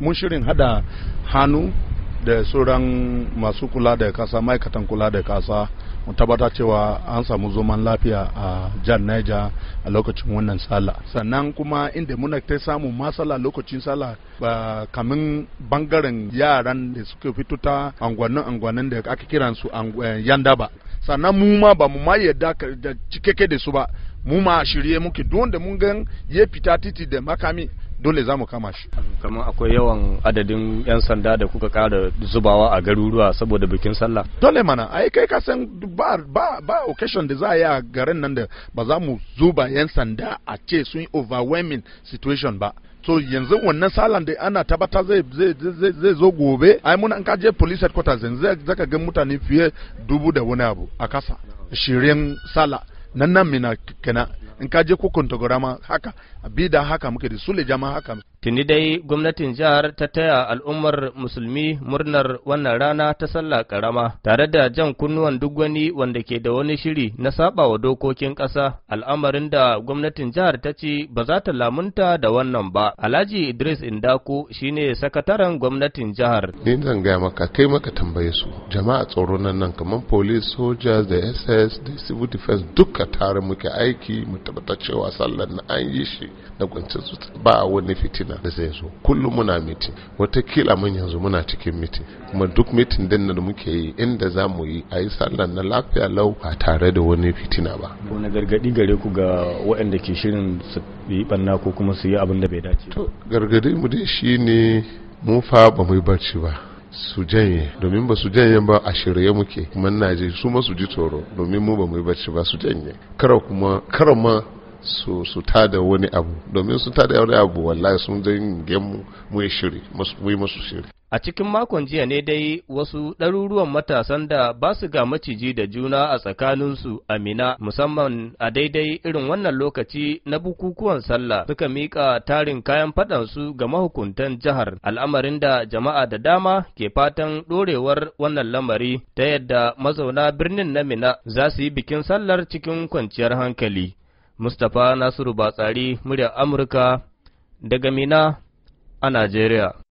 mun shirin hada hannu da sauran masu kula da kasa ma'aikatan kula da kasa mun tabbata cewa an samu zoman lafiya a jan Niger a lokacin wannan sala sannan kuma inda muna ta samu masala lokacin sala ba kamin bangaren yaran da suke fito ta angwannin angwannin da aka kiran su eh, yanda ba sannan mu ma ba mu ma yadda da cikeke da su ba mu ma shirye muke don da mun gan ya fita titi da makami dole za mu kama shi kamar akwai yawan adadin 'yan sanda da kuka kara zubawa a garuruwa saboda bikin sallah dole mana ai kai ka san ba ba occasion da za a yi a garin nan da ba za mu zuba 'yan sanda a ce sun overwhelming situation ba so yanzu wannan salan da ana tabata zai zo gobe ai mun an kaje police headquarters yanzu zaka ga mutane fiye dubu da wani abu a kasa shirin sala nan nan mina kenan in ka je ko kontagora haka bida haka muke da suleja ma haka Tuni dai gwamnatin jihar ta taya al'ummar musulmi murnar wannan rana ta sallah karama tare da jan kunnuwan duk wani wanda ke da wani shiri na saba wa dokokin ƙasa al'amarin da gwamnatin jihar ta ce ba za ta lamunta da wannan ba. Alhaji Idris Indaku shine sakataren gwamnatin jihar. Ni zan gaya maka kai maka tambaye su jama'a tsoro nan nan kamar police soldiers da SS da civil defense duka tare muke aiki mu tabbatar cewa sallar na an yi shi na kwanciyar ba wani fitina. na da zai zo kullum muna miti watakila mun yanzu muna cikin miti kuma duk mitin din da muke yi inda za mu yi a yi sallar na lafiya lau ba tare da wani fitina ba wani gargadi gare ku ga waɗanda ke shirin su yi banna ko kuma su yi abin da bai dace to gargadi mu dai shine mu fa ba mu yi barci ba su janye domin ba su janye ba a shirye muke kuma na je su ma su ji tsoro domin mu ba mu yi barci ba su janye kara kuma kara ma su su tada wani abu domin su tada wani abu wallahi sun zai mu yi shiri mu yi musu shiri a cikin makon jiya ne dai wasu ɗaruruwan matasan da ba su ga maciji da juna a tsakaninsu a mina musamman a daidai irin wannan lokaci na bukukuwan sallah suka miƙa tarin kayan faɗansu ga mahukuntan jihar al'amarin da jama'a da dama ke fatan ɗorewar wannan lamari ta yadda mazauna birnin na mina za su yi bikin sallar cikin kwanciyar hankali Mustapha Nasiru Batsari, muryar Amurka, daga Mina a Najeriya.